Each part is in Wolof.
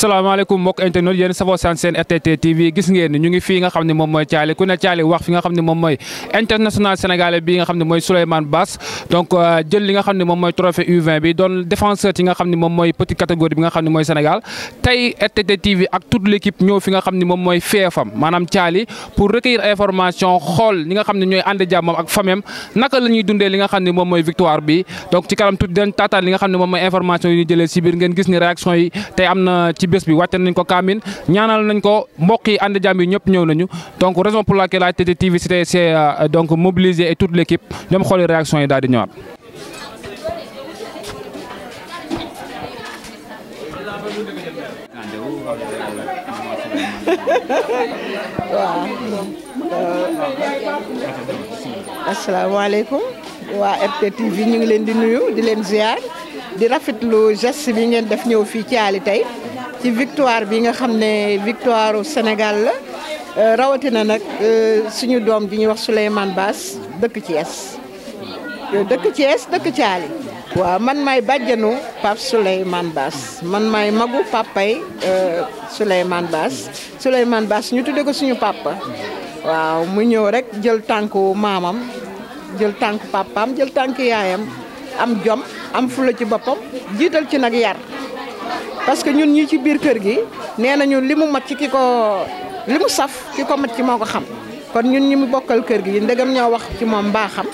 salaamaaleykum mbokk internet yéen safoo san seen RTT TV gis ngeen ñu ngi fii nga xam ne moom mooy Thialy ku ne Thialy wax fi nga xam ne moom mooy international sénégalais bi nga xam ne mooy Souleymane Basse donc jël li nga xam ne moom mooy trophée u bi doon défenseur ci nga xam ne moom mooy petite catégorie bi nga xam ne mooy Sénégal tey RTT TV ak toute l' équipe ñëw fi nga xam ne moom mooy feefam maanaam Thialy pour recueillir information xool ñi nga xam ne la ñuy dundee li nga moom mooy victoire bi donc ci kanam tuuti bés bi wàcce nañ ko kaamin ñaanal nañ ko mbokk yi ànd jàmm yi ñëpp ñëw nañu donc raison pour laquelle la TT TV c'est euh, donc mobiliser et toute l'équipe ñoom xooli réaction yi daal di ñëwaat. waaw asalaamaaleykum ñu ngi leen di nuyu di leen ziar di rafetlu geste bi ngeen def ñëw fii ci Aly tey. ci victoire bi nga xam ne victoire u Sénégal la euh, rawatina nag euh, suñu doom bi ñuy wax Souleymane Bass dëkk ci euh, dëkk Thiès dëkk Thiali. waaw man may bàjjanu Pape Souleymane Bass man maay magu papay Souleymane Bass Souleymane Bass ñu tudde ko suñu papa waaw mu ñëw rek jël tànku maamam jël tànku papaam jël tànku yaayam am jom am fula ci boppam jiital ci nag yar. parce que ñun ñi ci biir kër gi nee nañu li mu mat ci ki ko li mu saf ki ko mat ci moo ko xam kon ñun ñi mu bokkal kër gi ndegam ñoo wax ci moom mbaaxam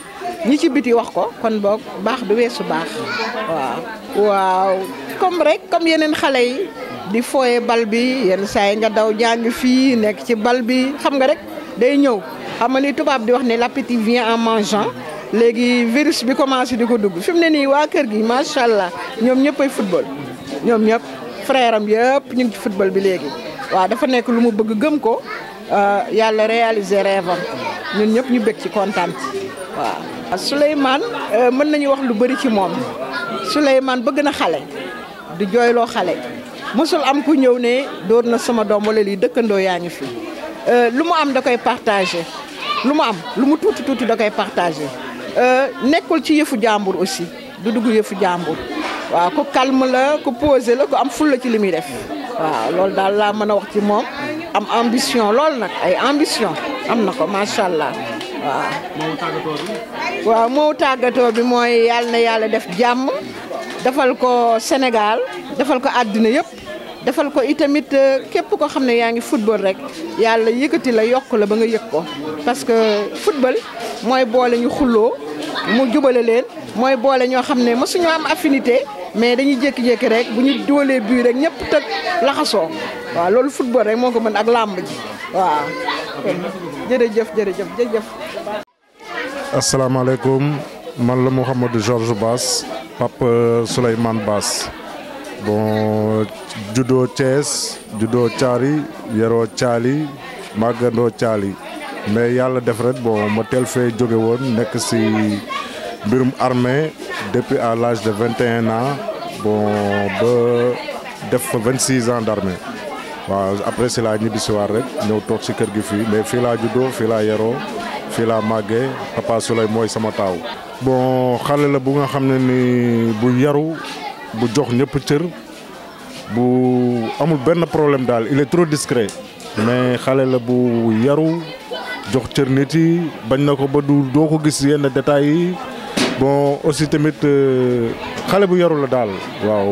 ñi ci biti wax ko kon boog baax du weesu baax waaw. waaw comme rek comme yeneen xale yi di fooye bal bi yenn saa yi nga daw jàng fii nekk ci bal bi xam nga rek day ñëw xam nga ni tubaab di wax ne l'appétit vient en mangeant. léegi virus bi commencé di ko dugg fi mu ne nii waa kër gi macha allah ñoom ñëpp ay football ñoom ñëpp. frère am yëpp ñu ngi ci football bi léegi waaw dafa nekk lu mu bëgg gëm ko euh, yàlla réaliser rêve am ñun ñëpp ñu bëgg ci kontaan ci euh, euh, mën nañu wax lu bëri ci moom Souleymane bëgg na xale du jooyloo xale mosul am ku ñëw ne dóor na sama doom wala lii dëkkandoo yaa ñu fi lu mu am da koy partagé lu mu am lu mu tuuti tuuti da koy partagé nekkul ci yëfu jàmbur aussi du dugg yëfu jàmbur. waaw ku calme la ku posé la ku am fulla ci li muy def waaw loolu daal laa mën a wax ci moom am ambition loolu nag ay ambition am na ko macha allah waaw. moo tàggatoo bi. mooy yàlla na yàlla def jàmm defal ko Sénégal defal ko àddina yëpp defal ko itamit euh, képp ko xam ne yaa ngi football rek yàlla yëkkati la yokk la ba nga yëg ko parce que football mooy boole ñu xulloo mu jubale leen mooy boole ñoo xam ne mësuñu am affinité. mais dañuy jékki-jékki rek bu ñu doolee bii rek ñëpp tëg laxasoo waaw loolu football rek moo ko mën ak làmb ji waaw. jërëjëf jërëjëf jërëjëf. asalaamaaleykum man la Mouhamadou Georges Bass Pape Souleymane Bass bon juddoo mais yàlla def rek bon ma teel fee jóge woon nekk si. mbirum armée depuis à l'âge de vingt et un ans bon ba def fa vingt six ans d' armée après si laa ñibbisiwaat rek ñëw toog si kër gi fii mais fii laa juddoo fii laa yaroo fii laa màggee papa Souley mooy sama taaw. bon xale la bu nga xam ne ni bu yaru bu jox ñëpp cër bu amul benn problème daal il est trop discret mais xale la bu yaru jox cër nit yi bañ na ko ba du doo ko gis yenn détails yi. bon aussi tamit euh, xale bu yaru la daal waaw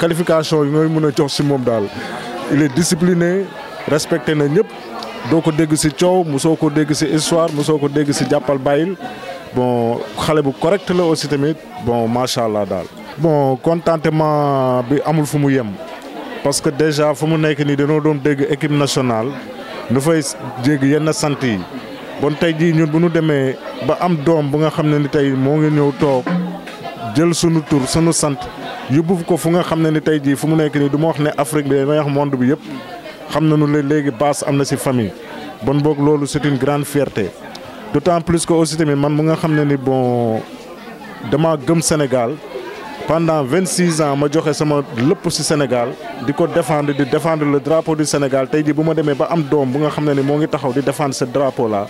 qualification yi ngay mën a jox si moom daal il est discipliné respecté na ñëpp doo ko dégg si coow mosoo ko dégg si histoire mosoo ko dégg si jàppal bàyyil bon xale bu correct la aussi tamit bon macha allah daal. bon contentement bi amul fu mu yem parce que déjà fu mu nekk nii dañoo doon dégg équipe nationale nu fay dégg yenn sant yi. bon tey jii ñun bu ñu demee ba am doom bu nga xam ne ni tey moo ngi ñëw toog jël sunu tur sunu sant yóbbu ko fu nga xam ne ni tey jii fu mu nekk nii du ma wax ne Afrique bi damay wax monde bu yëpp xam na nañu ne léegi base am na si famille bon boog loolu c'est une grande fierté d'autant plus que aussi tamit man mu nga xam ne ni bon dama gëm Sénégal. pendant vingt six ans ma joxe sama lépp ci Sénégal di ko défendre di défendre la drapeau du Sénégal tey jii bu ma demee ba am doom bu nga xam ne ni moo ngi taxaw di défendre ce drapeau la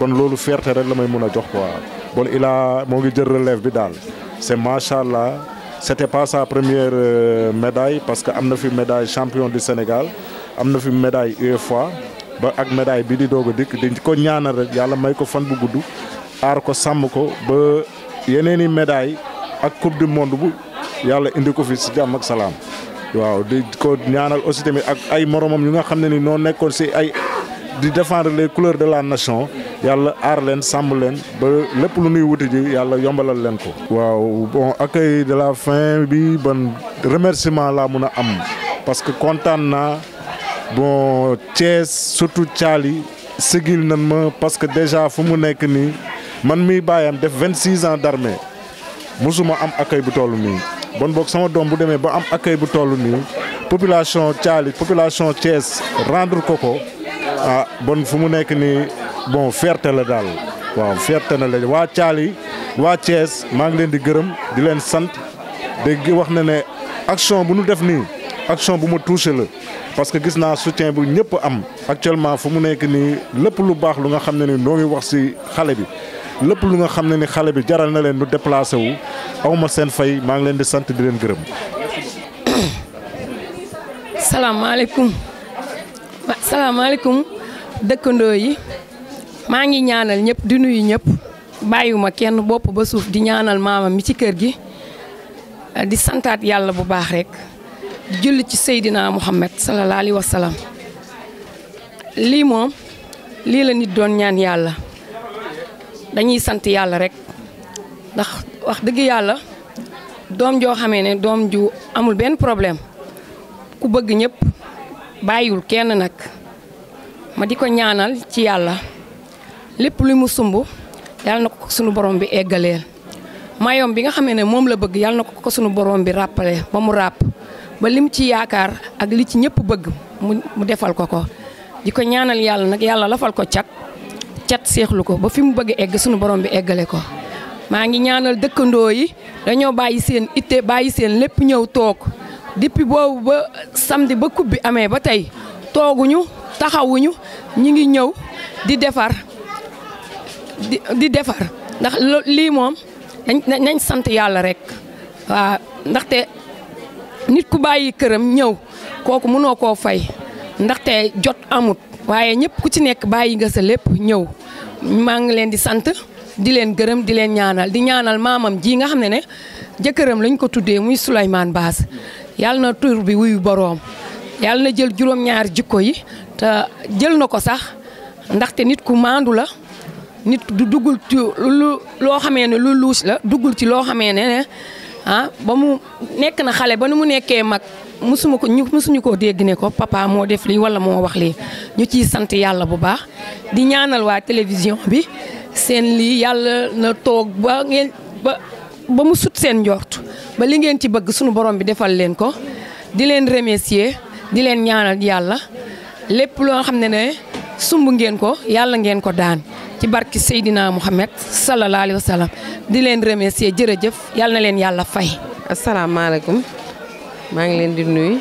bon loolu fierté rek la may mun a jox quoi bon il moo ngi jël relève bi daal c'est macha allah c'était pas sa première euh, médaille parce que am na fi médaille champion du Sénégal am na fi médaille fois ba ak médaille bi di doog dikk di ko ñaanal rek yàlla may ko fan bu gudd aar ko sàmm ko ba yeneen i ak coupe du monde bu yàlla indi ko fi si jàmm ak salaam. waaw di ko ñaanal aussi tamit ak ay moromam ñu nga xam ne ni noo nekkoon si ay di défendre les couleurs de la nation yàlla aar leen sàmm leen ba lépp lu nuy wuti ji yàlla yombalal leen ko. waaw bon accueil de la fin bi ban remerciement laa mun a am parce que kontaan naa bon Thiès surtout Thiali sigil nan ma parce que déjà fu mu nekk nii man miy baayam def vingt six ans d'armée musuma am accueil bu toll nii bon boog sama doom bu demee ba am accueil bu toll nii population Thiali population Thiès rendre ko ko ah bon fu mu nekk nii bon fierté la daal waaw fierté na la waa Thiali waa Thiès maa ngi leen di gërëm di leen sant dégg wax na ne action bu nu def nii action bu ma touché la parce que gis naa soutien bu ñëpp am actuellement fu mu nekk nii lépp lu baax lu nga xam ne ni noo ngi wax ci xale bi lépp lu nga xam ne ni xale bi jaral na leen lu déplacé wu awma seen fay maa ngi leen di sant di leen gërëm. salaamaaleykum salaamaaleykum dëkkandoo yi maa ngi ñaanal ñëpp di nuyu ñëpp bàyyiwuma kenn bopp ba suuf di ñaanal maama mi ci kër gi eh, di santaat yàlla bu baax rek julli ci Seydina Muhammad sallallahu alayhi wa salaam lii moom lii la nit doon ñaan yàlla. dañuy sant yàlla rek ndax wax dëgg yàlla doom joo xamee ne doom ju amul benn problème ku bëgg ñëpp bàyyiwul kenn nag ma di ko ñaanal ci yàlla lépp lu mu sumb yàlla na ko ko sunu borom bi eggaleel mayoom bi nga xamee ne moom la bëgg yàlla na ko ko sunu borom bi ràppale ba mu ràpp ba lim ci yaakaar ak li ci ñëpp bëgg mu defal ko ko di ko ñaanal yàlla nag yàlla lafal ko cat cat seexlu ko ba fi mu bëgg egg suñu borom bi eggale ko maa ngi ñaanal dëkkandoo yi dañoo bàyyi seen itte bàyyi seen lépp ñëw toog depuis boobu ba samedi ba coupe bi amee ba tey tooguñu taxawuñu ñi ngi ñëw di defar di di defar ndax lii moom nañ nañ sant yàlla rek waaw ndaxte nit ku bàyyi këram ñëw kooku mënoo koo fay ndaxte jot amut waaye ñëpp ku ci nekk bàyyi nga sa lépp ñëw maa ngi leen di sant di leen gërëm di leen ñaanal di ñaanal maamam jii nga xam ne ne jëkkëram lañ ko tuddee muy Souleymane Baas yàlla na tur bi wuyu boroom yàlla na jël juróom-ñaar jikko yi jël na ko sax ndaxte nit ku maandu la nit du duggul ci loo xamee ne lu luus la duggul ci loo xamee ne ne ah ba mu nekk na xale ba nu mu nekkee mag musuma ko ñu musuñu koo dégg ne ko papa moo def lii wala moo wax lii ñu ciy sant yàlla bu baax di ñaanal waa télévision bi seen lii yàlla na toog ba ngeen ba ba mu sut seen njort ba li ngeen ci bëgg sunu borom bi defal leen ko di leen remercier di leen ñaanal yàlla lépp loo xam ne ne sumb ngeen ko yàlla ngeen ko daan ci barki Seydina Mouhamed sallallahu alayhi di leen remercier jërëjëf yàlla na leen yàlla fay. asalaamaaleykum. maa ngi leen di nuyu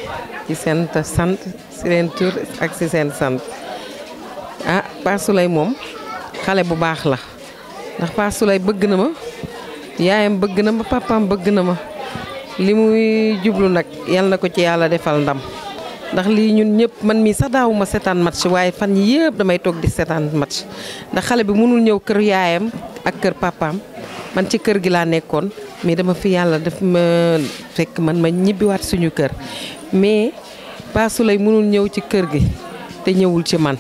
ci seen sant si leen ak si seen sant ah Paa moom xale bu baax la ndax Paa bëgg na ma yaayam bëgg na ma papaam bëgg na ma li muy jublu nag yal na ko ci yàlla defal ndam ndax lii ñun ñëpp man mii sax daawuma seetaan match waaye fan yi yëpp damay toog di seetaan match ndax xale bi mënul ñëw kër yaayam ak kër papaam man ci kër gi laa nekkoon mais dama fi yàlla daf ma fekk man ma ñibbiwaat suñu kër mais Pa Souleye mënul ñëw ci kër gi te ñëwul ci man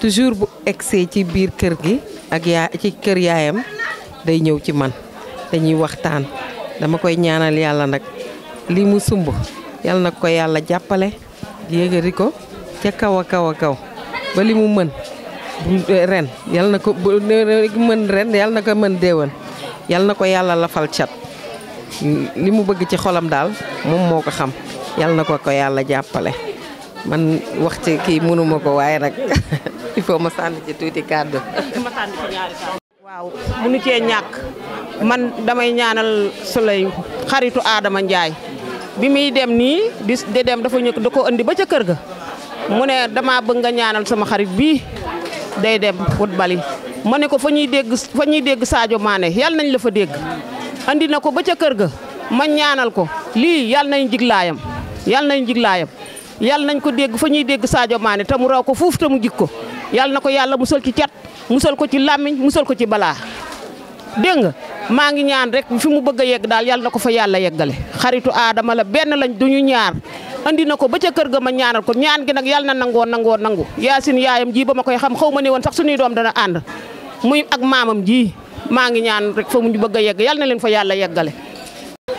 toujours bu egsee ci biir kër gi ak yaa ci kër yaayam day ñëw ci man dañuy waxtaan dama koy ñaanal yàlla nag lii mu sumb yàlla nag ko yàlla jàppale yéegari ko ca kaw a kaw a kaw ba li mu mën eh, ren yàlla na ko eh, mën ren yàlla na ko mën déewén yàlla na ko yàlla lafal cat li mu bëgg ci xolam daal moom moo ko xam yal na ko ko yàlla jàppale man wax ci kii mënuma ko waaye nag il faut ma sànni ci tuuti kàddu. waaw munu cee ñàkk man damay ñaanal Souleye xaritu Adama njaay bi muy dem nii di dem dafa ñëw da ko indi ba ca kër ga mu ne dama bëgg nga ñaanal sama xarit bii day dem football bali ma ne ko fa ñuy dégg fa ñuy dégg Sadio Mané yàlla nañ la fa dégg. andi na ko ba ca kër ga ma ñaanal ko lii yal nañ jiglaayam yàlla nañ jiglaayam yal nañ ko dégg fa ñuy dégg Sadio Mané te mu raw ko fuuf te mu jig ko yal na ko yàlla musal ci cat musal ko ci làmmiñ musal ko ci balaa dégg nga maa ngi ñaan rek fi mu bëgg a yegg daal yàlla na ko fa yàlla yeggale xaritu aadama la benn lañ duñu ñaar andi na ko ba ca kër ga ma ñaanal ko ñaan gi nag yàlla na nangoo nangoo nangu yaasin yaayam ji ba ma koy xam xaw ma ne woon sax suñuy doom dana ànd muy ak maamam maa ngi ñaan rek fa mu ñu bëgg a yegg yal na leen fa yàlla yeggale.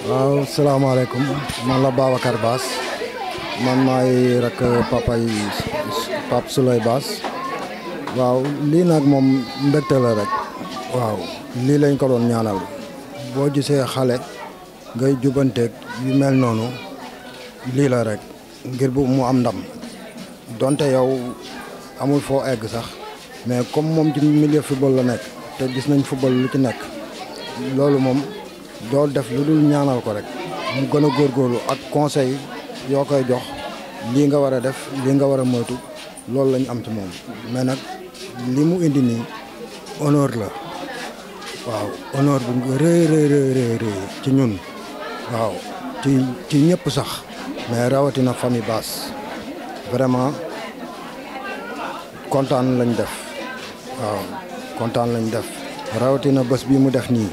waaw salaamaaleykum man la Babacar Baas man maay rek papa yi Pape Souley Baas waaw lii nag moom mbégte la rek waaw lii lañ ko doon ñaanal boo gisee xale ngay jubanteeg yu mel noonu lii la rek ngir bu mu am ndam donte yow amul foo egg sax mais comme moom ci milieu football la nekk. te gis nañ football lu ci nekk loolu moom dool def lu dul ñaanal ko rek mu gën a góorgóorlu ak conseil yoo koy jox lii nga war a def lii nga war a moytu loolu lañu am ci moom mais nag li mu indi nii honneur la waaw honneur bu rëy rëy rëy rëy ci ñun waaw ci ci ñëpp sax mais rawatina famille baas vraiment kontaan lañ def waaw kontaan lañ def rawatina bés bii mu def nii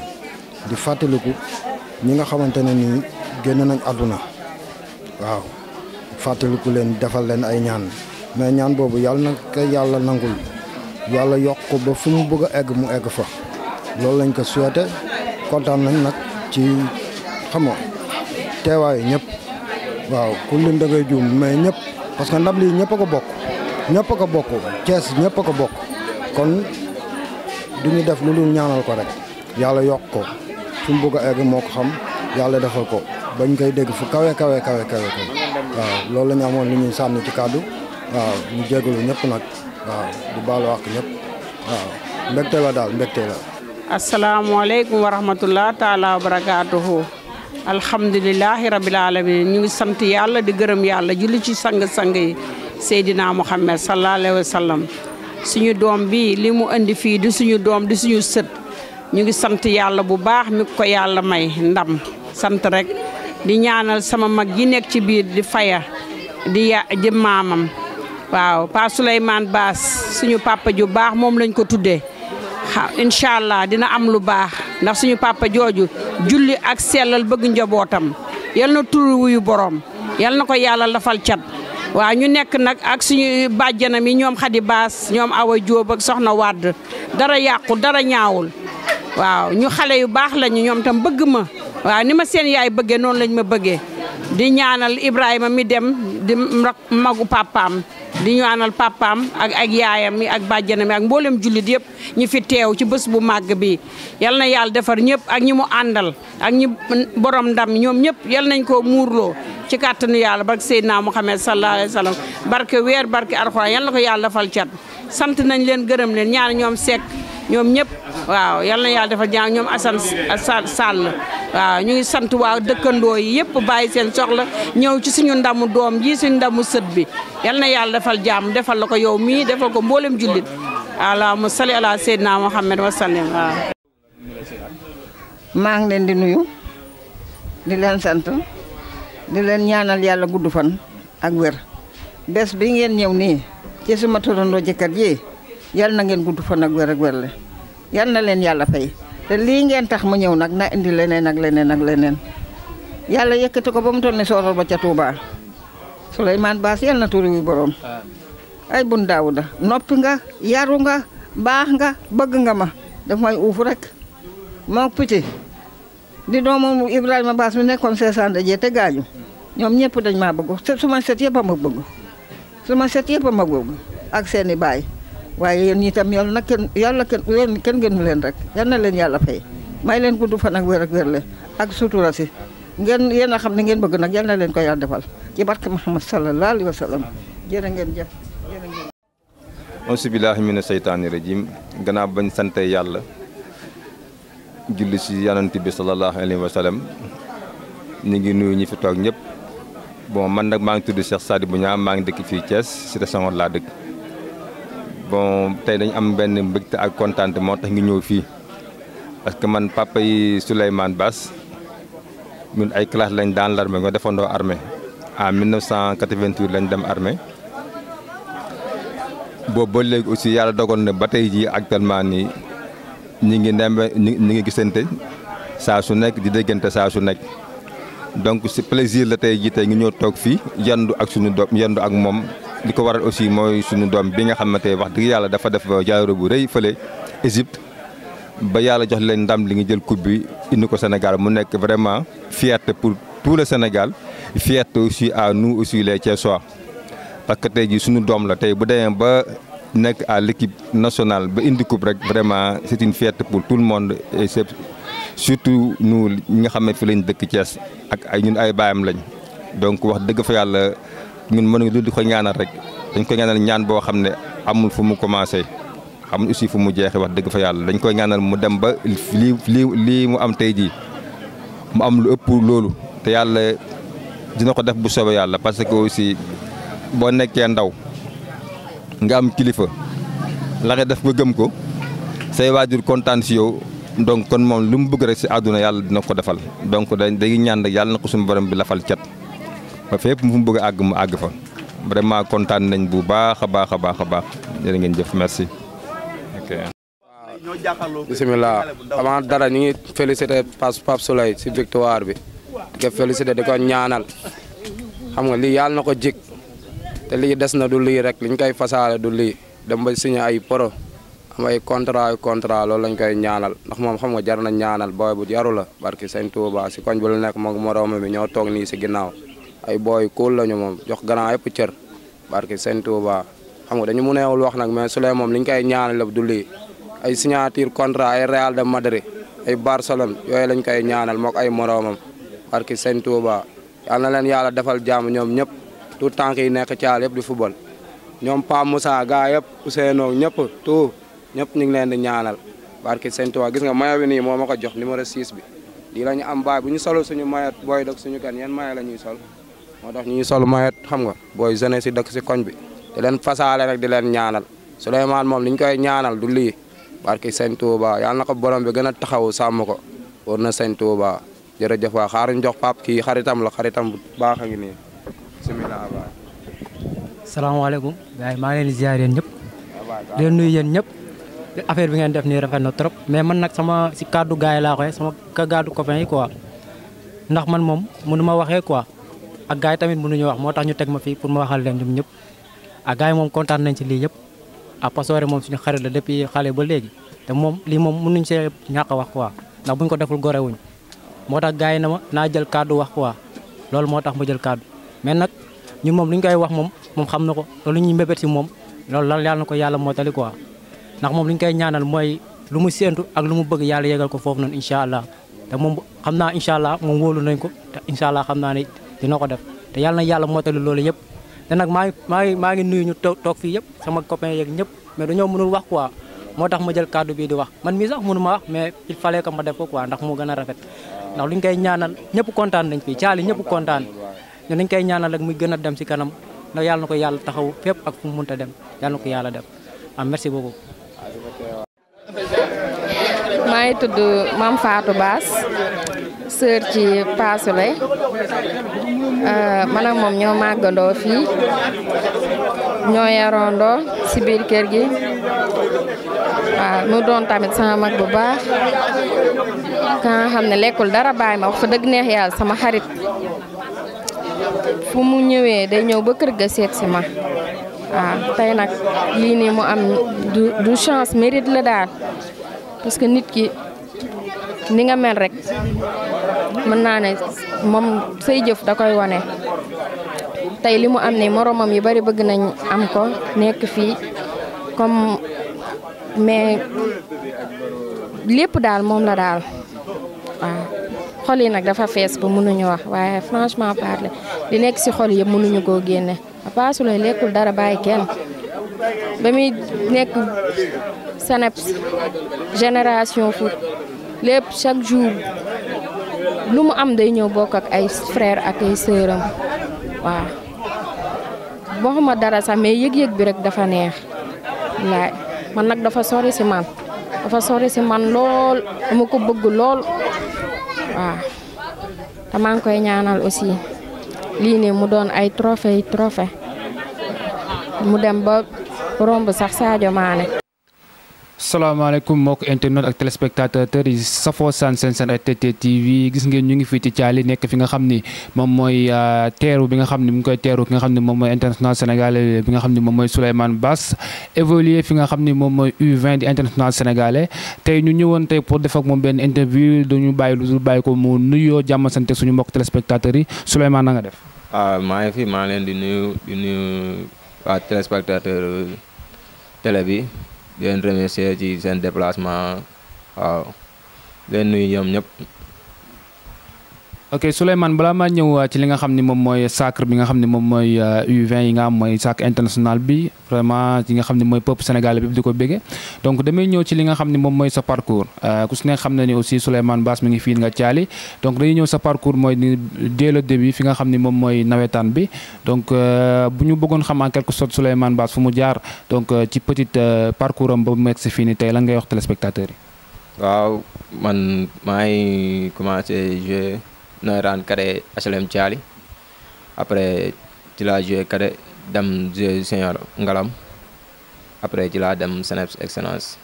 di fàttaliku ñi nga xamante ne nii génn nañ àdduna waaw fàttaliku leen defal leen ay ñaan mais ñaan boobu yàlla na ko yàlla nangul yàlla yokk ko ba fu mu bëgg a egg mu egg fa loolu lañ ko souhaité kontaan nañ nag ci xam nga teewaayu ñëpp waaw ku lim da ngay juum mais ñëpp parce que ndam lii ñëpp a ko bokk ñëpp ko bokk Thiès ñëpp a ko bokk kon du ñu def lu dul ñaanal ko rek yàlla yokk ko fu mu bëgg a egg moo ko xam yàlla defal ko bañ koy dégg fu kawe kawe kawe kawe ko waaw loolu la amoon lu ñuy sànni ci kàddu waaw ñu jégalu ñëpp nag waaw di baalu àq ñëpp waaw mbégte la daal mbégte la. asalaamaaleykum wa rahmatulah taalaa wa barakaatuhu. alhamdulilahi rabil alamin ñu ngi sant yàlla di gërëm yàlla julli ci sang-sang yi Seydina Muhammad sallallahu alayhi wa sallam suñu doom bii li mu indi fii di suñu doom di suñu sët ñu ngi sant yàlla bu baax mi ko yàlla may ndam sant rek di ñaanal sama mag yi nekk ci biir di faya di ya di maamam waaw Pa Souleymane Baas suñu papa ju baax moom lañ ko tuddee incha allah dina am lu baax ndax suñu papa jooju julli ak sellal bëgg njabootam yal na turu wuyu borom yal na ko yàlla lafal cat. waaw ñu nekk nag ak suñu bàjjanam yi ñoom Xadi Baas ñoom Awa Jóob ak Soxna Wàdd dara yàqu dara ñaawul waaw ñu xale yu baax lañu ñoom tam bëgg ma waaw ni ma seen yaay bëggee noonu lañ ma bëggee di ñaanal Ibrahima mi dem di magu pàppaam di ñaanal papaam ak ak yaayam mi ak bàjjanam mi ak mboolem julit yëpp ñi fi teew ci bés bu màgg bi yal na yàlla defar ñëpp ak ñi mu àndal ak ñi borom ndam ñoom ñëpp yal nañ ko muurloo ci kàttanu yàlla barke Seydina Muhammad sallallahu alayhi wa sallam barke weer barke Alxuraan yal na ko yàlla fal cat sant nañ leen gërëm leen ñaar ñoom sekk ñoom ñëpp waaw yal na yàlla defal jàmm ñoom Assane la waaw ñu ngi sant waa dëkkandoo yi yëpp bàyyi seen soxla ñëw ci suñu ndamu doom ji suñu ndamu sët bi yal na yàlla defal jàmm defal la ko yow mii defal ko mboolem jullit allahumma salli ala sayyidina Muhammad wa sallim waaw. maa ngi leen di nuyu di leen sant di leen ñaanal yàlla gudd fan ak wér bés bi ngeen ñëw nii ci suma turandoo jëkkër ji yal na ngeen gudd fa nag wér ak wér le yal na leen yàlla fay te lii ngeen tax ma ñëw nag na indi leneen ak leneen ak leneen yàlla yëkkati ko ba mu toll ni sootal ba ca Touba Souleymane Baas yal na turi wi borom ay bun daawuda noppi nga yaru nga baax nga bëgg nga ma daf may uuf rek moo picc di doomu Ibrahima Baas mi nekkoon seesaan dajee te gaañu ñoom ñëpp dañ maa bëgg su ma set yëpp a ma bëgg su ma set yëpp a ma bëgg ak seeni baay waaye yéen itam yàlla na kenn yàlla kenn kenn gënu leen rek yal leen yàlla fay may leen gudd fan ak wér ak wér le ak sutura si ngeen yéen a xam ne ngeen bëgg nag yal na leen ko yàlla defal ci barke Muhammad sallallahu alayhi wa sallam jërë ngeen jëf jërë ngeen auzu billaahi mina seytaani rajim gannaaw bañ sante yàlla julli si yonent bi sallallahu alayhi wa sallam ñu ngi nuyu ñu fi toog ñëpp bon man nag maa ngi tudd Cheikh Sadibou Niang maa ngi dëkk fii Thiès cité Senghor laa dëkk bon tey dañu am benn mbégte ak kontaan moo tax ngi ñëw fii parce que man papa yi Souleymane Bass ñun ay classe lañ daan l'armée nga defandoo armée en 1988 lañ dem armée boobu ba léegi aussi yàlla dogoon na ba tey jii actuellement nii ñi ngi ndembe ñi ngi gisante saa su nekk di déggante saa su nekk donc si plaisir la tey jii tey ngi ñëw toog fii yandu ak suñu do yandu ak moom li ko waral aussi mooy suñu doom bi nga xam xamante wax dëgg yàlla dafa def jaaru bu rëy fële Égypte ba yàlla jox leen ndam li nga jël coupe bi indi ko Sénégal mu nekk vraiment fierté pour tout le Sénégal fiert aussi à nu aussi les Thiessois parce que tey jii suñu doom la tey bu demee ba nekk à l'équipe nationale ba indi coupe rek vraiment c'est une fierté pour tout le monde et surtout nous nga xam ne fi lañ dëkk Thiès ak ay ñun ay baayam lañ donc wax dëgg fa yàlla. ñun mënuñu dul di ko ñaanal rek dañ koy ñaanal ñaan boo xam ne amul fu mu commencé amul aussi fu mu jeexee wax dëgg fa yàlla dañ koy ñaanal mu dem ba lii lii lii mu am tey jii mu am lu ëpp loolu te yàlla dina ko def bu soobee yàlla parce que aussi boo nekkee ndaw nga am kilifa la def ko gëm ko say waajur kontaan si yow donc kon moom lu mu bëgg rek si àdduna yàlla dina ko defal donc dañ day ñaan yàlla na ko suñu borom bi lafal cat. ba fépp mu bëgg a àgg mu àgg fa vraiment kontaan nañ bu baax a baax a baax a baax jërë ngeen jëf merci ok. bisimilah avant dara ñu ngi félicité Pape Souleye si victoire bi di ko félicité di ko ñaanal xam nga lii yàlla na ko jik te lii des na du lii rek liñ koy fasaale du lii dem ba signé ay poro am ay contrat ay contrat lañ koy ñaanal ndax moom xam nga jar na ñaanal booy bu yaru la barki sëñ Touba si koñ bu la nekk moom moroom mi ñoo toog nii si ginnaaw ay booy kóol lañu moom jox grand yëpp cër barke sëñ Tuuba xam nga dañu mënewul wax nag mais Souley moom li koy ñaanal la du lii ay signature contrat ay Real de Madrid ay Barcelone yooyu lañ koy ñaanal mook ay moroomam barke sëñ Tuuba yal na leen yàlla defal jàmm ñoom ñëpp tout temps yi nekk caal yëpp di football ñoom Pa Moussa gaa yëpp Ousseynou ñëpp tout ñëpp ñu ngi leen di ñaanal barke sëñ Tuuba gis nga maillot bi nii moo ma ko jox numéro 6 bi lii la ñu am baay bu ñu solo suñu maillot booy suñu gan yan maillot la ñuy sol moo tax ñuy sol moyet xam nga booy jeune si dëkk si koñ bi di leen fasaale rek di leen ñaanal Souleymane moom li ñu koy ñaanal du lii barki sëñ Touba yàlla na ko borom bi gën a taxaw sàmm ko war na sëñ Touba jërëjëf waa xaar jox pap kii xaritam la xaritam bu baax a ngi nii bisimilah baay salaamaaleykum gaay maa ngi leen di ziar yéen ñëpp di leen nuyu yéen ñëpp affaire bi ngeen def nii rafet na trop mais man nag sama si kaddu gaay laa koy sama ka kaddu copain yi quoi ndax man moom mënu ma waxee quoi ak gars yi tamit mënuñu wax moo tax ñu teg ma fii pour ma waxal leen ñoom ñëpp ak gars yi moom kontaan nañ ci lii yëpp ah Pastore moom suñu xarit la depuis xale ba léegi te moom lii moom mënuñ see ñàkk a wax quoi ndax buñ ko deful gore wuñ moo tax gars yi na ma naa jël kaddu wax quoi loolu moo tax ma jël kaddu mais nag ñun moom lu ñu koy wax moom moom xam na ko te lu ñuy mbébét si moom loolu lan yàlla na ko yàlla moo tali quoi ndax moom lu ñu koy ñaanal mooy lu mu séentu ak lu mu bëgg yàlla yegal ko foofu noonu incha allah te moom xam naa allah moom wóolu nañ ko te allah xam naa ne dina ko def te yàlla na yàlla mootali loolu yëpp te nag maa ngi maa ngi maa ngi nuyu ñu toog fii yëpp sama copain yeeg ñëpp mais dañoo mënul wax quoi moo tax ma jël kàddu bii di wax man mii sax mënu ma wax mais il fallait que def ko quoi ndax mu gën a rafet ndax luñ koy ñaanal ñëpp kontaan nañ fii caali ñëpp kontaan ñu luñ koy ñaanal rek muy gën a dem si kanam ndax yàlla na ko yàlla taxaw fépp ak fu mu mënta dem yàlla na ko yàlla dem am ah, merci beaucoup. maa ngi tudd Mame Fatou Bass sœur ci Paasulay euh, man ak moom ñoo màggandoo fii ñoo yaroondoo si biir kër gi waaw mu doon tamit sama mag bu baax ka nga xam ne lekkul dara bàyyi ma wax dëgg neex yàlla sama xarit fu mu ñëwee day ñëw ba kër ga seet si ma waaw tey nag lii nii mu am du chance mérite la daal parce nit ki ni nga mel rek mën naa ne moom say jëf da koy wane tey li mu am ne moroomam yi bari bëgg nañ am ko nekk fii comme mais lépp daal moom la daal waaw xol yi nag dafa fees ba mënuñu wax waaye franchement parler li nekk ci xol yëpp mënuñu koo génne Papa Souleye lekkul dara bàyyi kenn ba muy nekk Seneps génération foot lépp chaque jour lu mu am day ñëw bokk ak ay frère ak ay sœuram waaw waxuma dara sax mais yëg-yëg bi rek dafa neex laay man nag dafa sori si man dafa sori si man lool ma ko bëgg lool waaw te maa ngi koy ñaanal aussi lii ne mu doon ay trophée trophée mu dem ba romb sax Sadio Mané salaamaaleykum mbokk internet ak téléspectateur yi safoo san seen seen RTT TV gis ngeen ñu ngi fii ci Thialy nekk fi nga xam ni moom mooy euh, teeru bi nga xam ni mu ngi koy teeru ki nga xam ni moom mooy international sénégalais bi nga xam ni moom mooy Souleymane Basse évolué fi nga xam ni moom mooy U20 di international sénégalais tey ñu ñëwoon tey pour def ak moom benn interview dañu bàyyi lu dul bàyyi ko mu nuyoo jàmm sante suñu mbokk téléspectateur yi Souleymane na nga def. ah maa ngi fi maa leen di nuyu di nuyu waa télé bi. di leen remercier ci seen déplacement waaw leen nuyu ñoom ñëpp ok Souleymane balaa maa ñëw euh, li nga xam ni moom mooy sacre bi nga xam ni moom mooy U20 euh, mooy sacre international bi vraiment yi nga xam ni mooy peuple sénégalais bi di ko béggee donc damay ñëw ci li nga xam ni moom mooy sa parcours euh, ku si ne xam na ni aussi Souleymane Bass mi ngi fii nga caali donc dañuy ñëw sa parcours mooy dès le début fi nga xam ni moom mooy nawetaan bi donc bu ñu bëggoon xam en quelque sorte Souleymane Bass fu mu jaar donc ci petit parcours am ba mu egg fii nii tey lan ngay wax téléspectateurs yi. waaw man maa ngi commencé nawetaan cadet HLM Thiali après ci laa joué cadet dem joué senior ngalam après ci laa dem Seneps excellence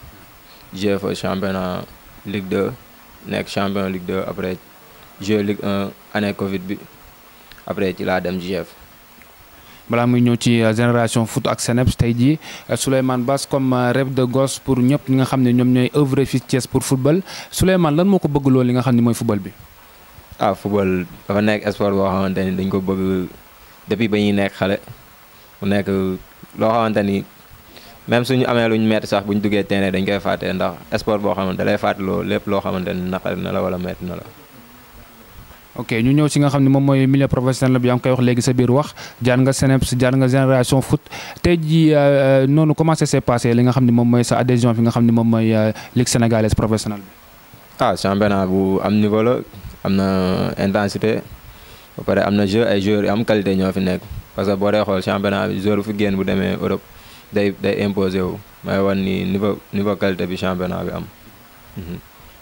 joué fa championnat Ligue 2 nekk champion Ligue 2 après joué Ligue 1 année Covid bi après ci laa dem GF. balaa muy ñëw ci euh, génération foot ak Seneps tey jii euh, Souleymane Basse comme euh, rêve de gosse pour ñëp ñi nga xam ne ñoom ñooy œuvre fii Thiès pour football Souleymane lan moo ko bëgg lool li nga xam ne mooy football bi. ah football dafa nekk sport boo xamante ni dañ ko bëgg depuis ba ñuy nekk xale mu nekk loo xamante ni même suñu amee luñ metti sax buñ duggee terrain dañ koy fàtte ndax sport boo xamante dalay fàttaloo lépp loo xamante ni naqari na la wala metti na la. ok ñu ñëw si nga xam ne moom mooy milieu professionnel bi yaa ngi koy wax léegi sa biir wax jaar nga CNEPS jaar nga génération foot tey jii euh, euh, noonu comment s'est passé li nga xam ne moom mooy sa adhésion fi nga xam ne moom mooy euh, ligue sénégalaise professionnelle bi. ah championnat bu am niveau la am na intensité ba pare am na jeu ay joueurs yu am qualité ñoo fi nekk parce que boo dee xool championnat bi joueur fu fi génn bu demee Europe day day imposé wu may wan ni niveau niveau qualité bi championnat bi am. Mhm.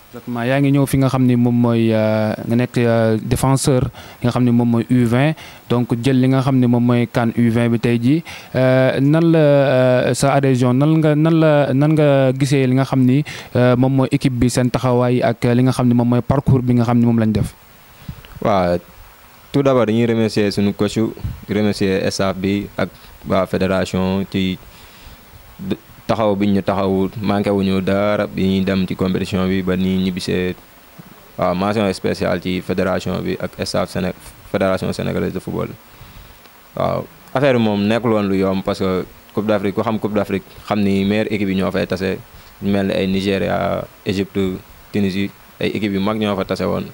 exactement yaa ngi ñëw fi nga xam ni moom mooy euh, nga nekk euh, défenseur nga xam ni moom mooy u donc jël li nga xam ni moom mooy CAN U20 bi tey jii euh, nan la sa adhésion nan nga nan la nan nga gisee li nga xam ni moom mooy équipe bi seen taxawaay ak li nga xam ni moom mooy parcours bi nga xam ni moom lañ def. waaw tout d'abord dañuy remercier suñu coach remercier staff bi ak waa fédération ci. taxaw biñ ñu taxaw manqué wuñu dara bi ñuy dem ci compétition bi ba nii ñibbisee waaw mention spéciale ci fédération bi ak staff Séné fédération sénégalaise de football waaw affaire bi moom nekkul woon lu yoom parce que Coupe d'Afrique ku xam Coupe d'Afrique xam ni maire équipe yi ñoo fay tase ñu mel ni ay Nigéria Égypte Tunisie ay équipe yu mag ñoo fa tase woon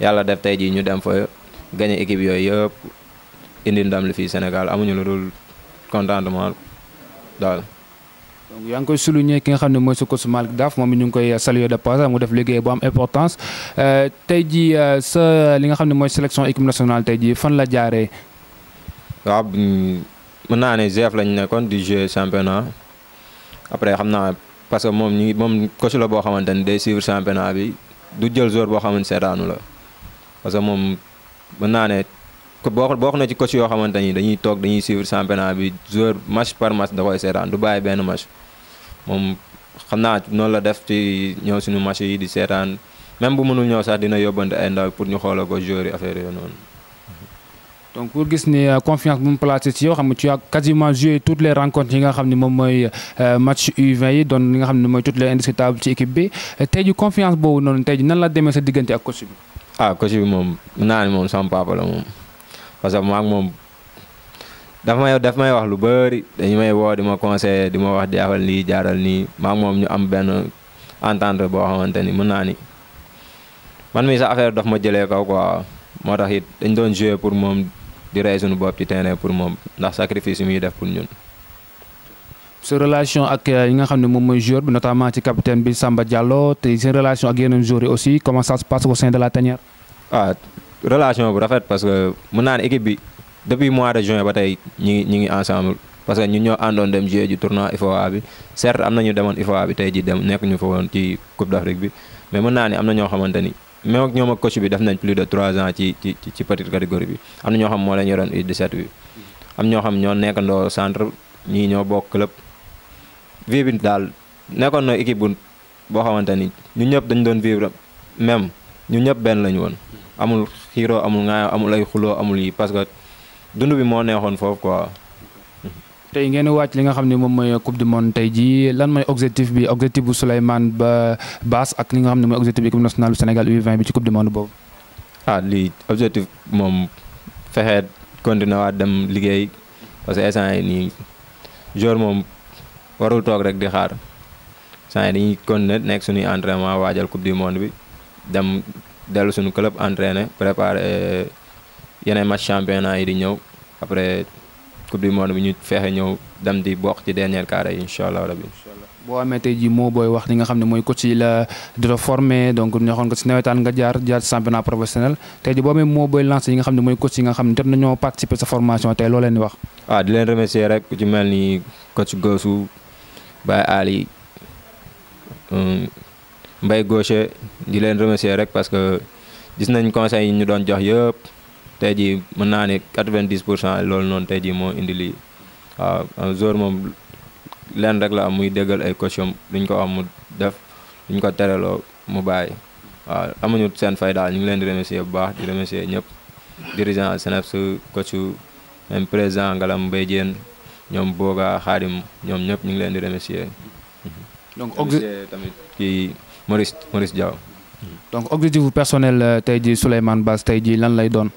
yàlla def tey jii ñu dem fa gagné équipe yooyu yëpp indi ndam li fii Sénégal amuñu lu dul contentement daal. donc yaa ngi koy sulu souligner ki nga xam ne mooy sa coach Malick Daaf moom ñu ngi koy saluer de passage mu def liggéey bu am importance euh, tey ji euh, sa li nga xam ne mooy sélection équipe nationale tey ji fan la jaaree. waaw mën naa ne GF lañu nekkoon di jouer championnat après xam naa parce que moom ñu ngi moom coach boo xamante ni day suivre championnat bi du jël joueur boo xamante seetaanu la parce que moom mën naa ne. boo bokk na ci coach yoo xamante ni dañuy toog dañuy suivre championnat bi match par match da koy seetaan du bàyyi benn match moom xam naa noonu la def ci ñëw suñu match yi di seetaan même bu mënul ñëw sax dina yóbbante ay ndaw pour ñu xoolal ko joueurs yi affaire yooyu donc pour gis ni euh, confiance bu mu placé ci yow xam nga tu as quasiment les rencontres yi nga xam ne moom mooy euh, match U20 yi doon li nga xam ne mooy toutes les indiscutables ci équipe bi tey confiance boobu noonu tey ji nan la demee sa diggante ak coach bi. ah coach bi moom naa ne moom sama papa parce que maak moom dafa may daf may wax lu bëri dañu may woo di ma conseiller di ma wax di afal lii jaaral nii maak moom ñu am benn entente boo xamante ni mën naa ni man mii sa affaire daf ma jëlee kaw quoi moo tax it dañ doon jouer pour moom di rey suñu bopp ci terrain pour moom ndax sacrifice yi muy def pour ñun. sa relation ak euh, yi nga xam ne moom mooy joueur bi notamment ci capitaine bi Samba Diallo te seen relation ak yeneen joueurs yi aussi comme ça se passe de la tanière. ah relation bu rafet parce que mën naa ne équipe bi depuis mois de juin ba tey ñi ngi ñu ngi ensemble parce que ñu ñoo àndoon dem jouer ji tournoi IFOA bi certes am na ñu demoon IFOA bi tey ji dem nekk ñu fa woon ci Coupe d'Afrique bi mais mën naa ni am na ñoo xamante ni même ak ñoom ak coach bi def nañ plus de trois ans ci ci ci petite catégorie bi am na ñoo xam moo leen yoroon U17 bi am ñoo xam ñoo nekk nekkandoo centre ñii ñoo bokk club vie bi daal nekkoon na équipe bu boo xamante ni ñëpp dañ doon vivre même ñu ñëpp benn lañu woon amul xiiro amul ŋaayoo amul ay xuloo amul yi parce que dund bi moo neexoon foofu quoi. tey ngeen wàcc li nga xam ne moom mooy coupe du monde tey jii lan mooy objectif bi objectif bu Souleymane ba Basse ak li nga xam ne mooy objectif bi équipe national bu Sénégal U20 bi ci coupe du monde boobu. ah objectif moom fexe continuer waat dem liggéey parce que instant yi nii jour moom warul toog rek di xaar instant yi dañuy continuer nekk suñuy entraînement waajal coupe du monde bi dellu suñu club entraîné préparé euh, yeneen match championnat yi di ñëw après coupe du monde bi ñu fexe ñëw dem di bokk ci dernier carré yi incha allah rabi. boo amee tey ji moo booy wax li nga xam ne mooy coach yi la di la formé donc ñoo ko si nawetaan nga jaar jaar si championnat professionnel tey jii boo amee moo booy lancé yi nga xam ne mooy coach yi nga xam ne jot nañoo participer sa formation tey loo leen di wax. waaw ah, di leen remercier rek ci mel ni Mbaye Gaucher di leen remercier rek parce que gis nañ conseils yi ñu doon jox yëpp tey jii mën naa ne quatre-vingt-dix pour cent loolu noonu tey jii moo indi lii waaw jour moom leen rek la am déggal ay questions luñ ko am mu def luñ ko tereloo mu bàyyi waaw amuñu seen fay daal ñu ngi leen di remercier bu baax di remercier ñëpp dirigeant SNEIPS coach même président Ngalam Mbaye Diène ñoom Boga Xaadim ñoom ñëpp ñu ngi leen di remercier. tamit kii. Maurice Maurice Diaw. donc bu personnel euh, tey jii Souleymane Basse tey jii lan lay doon.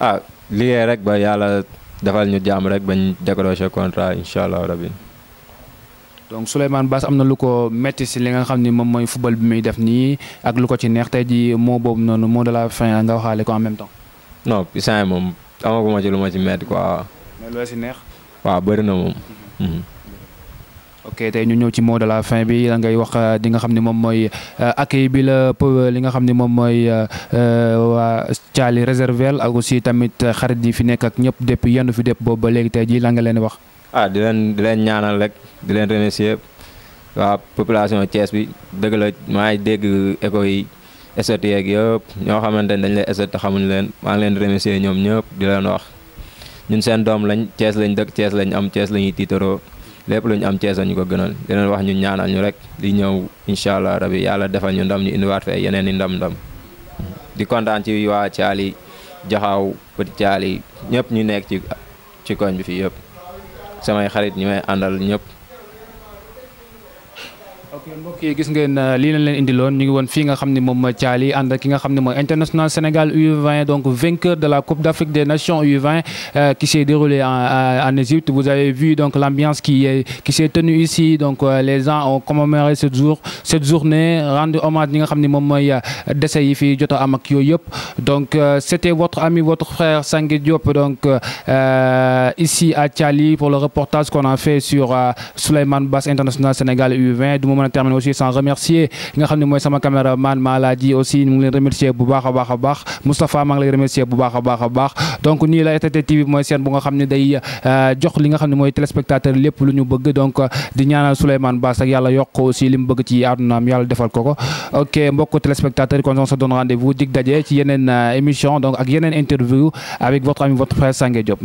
ah liggéey rek ba yàlla defal ñu jàmm rek bañ décroché contrat incha allah rabi. donc Souleymane Basse am na lu ko metti si li nga xam ni moom mooy football bi muy def nii ak lu ko ci neex tey jii moo boob noonu moo de la fin nga waxaale ko en même temps. non saa moom amaguma ci lu ma ci metti quoi. mais loo si neex. waaw bëri na moom. Mhm. Mhm. ok tey ñu ñëw ci mot de la fin bi la ngay wax di nga xam ne moom mooy accueil bi la li nga xam ne moom mooy euh, euh, euh, waa Thialy réservel ak aussi tamit xarit yi fi nekk ak ñëpp depuis yendu fi dépp boobu ba léegi tey jii la nga leen wax. ah di leen di leen ñaanal rek di leen remercier waa population cees bi dëgg la maa ngi dégg écho yi esot yeeg yëpp ñoo xamante ne dañ lay esot te xamuñu leen maa ngi leen di remercier ñoom ñëpp di leen wax ñun seen doom lañ cees lañ dëkk Thiès lañ am Thiès lañuy tiitaroo. lépp lu ñu am Cees ñu ko gënal di wax ñu ñaanal ñu rek di ñëw incha allah rabi yàlla defal ñu ndam ñu indiwaat fee yeneen i ndam-ndam di kontaan ci waa Thialy Jaxaaw Petit Thialy ñëpp ñu nekk ci ci koñ bi fii yëpp samay xarit ñu may àndal ñëpp. ok mbokk yi gis ngeen euh, lii lañ leen indiloon ñu ngi fii nga xam ne moom Thialy ànd ki nga xam ne mooy international Sénégal u donc vainqueur de la Coupe d'Afrique des Nations U20 euh, s'est déroulée euh, en, Égypte vous avez vu donc l'ambiance qui s'est tenue ici donc les gens ont commémoré ce jour cette journée rendu hommage ñi nga xam ni moom mooy décès yi fii jot a am ak yooyu yëpp donc euh, c'était votre ami votre frère Sangué Diop donc ici à Thialy pour le reportage qu'on a fait sur Souleymane en termine aussi sans remercier nga xam ne mooy sama caméraman Maladi aussi mu ngi leen remercier remercier bu baax a baax a baax donc nii la RTT TV mooy seen bu nga xam ne day euh, jox li nga xam ne mooy téléspectateur lépp lu ñu bëgg donc di ñaanal Souleymane Bass ak yàlla yokk aussi li bëgg ci àddunaam yàlla defal ko ok mbokk téléspectateur kon on se donne dig daje ci yeneen euh, émission donc ak yeneen interview avec votre ami votre frère Sangue Diop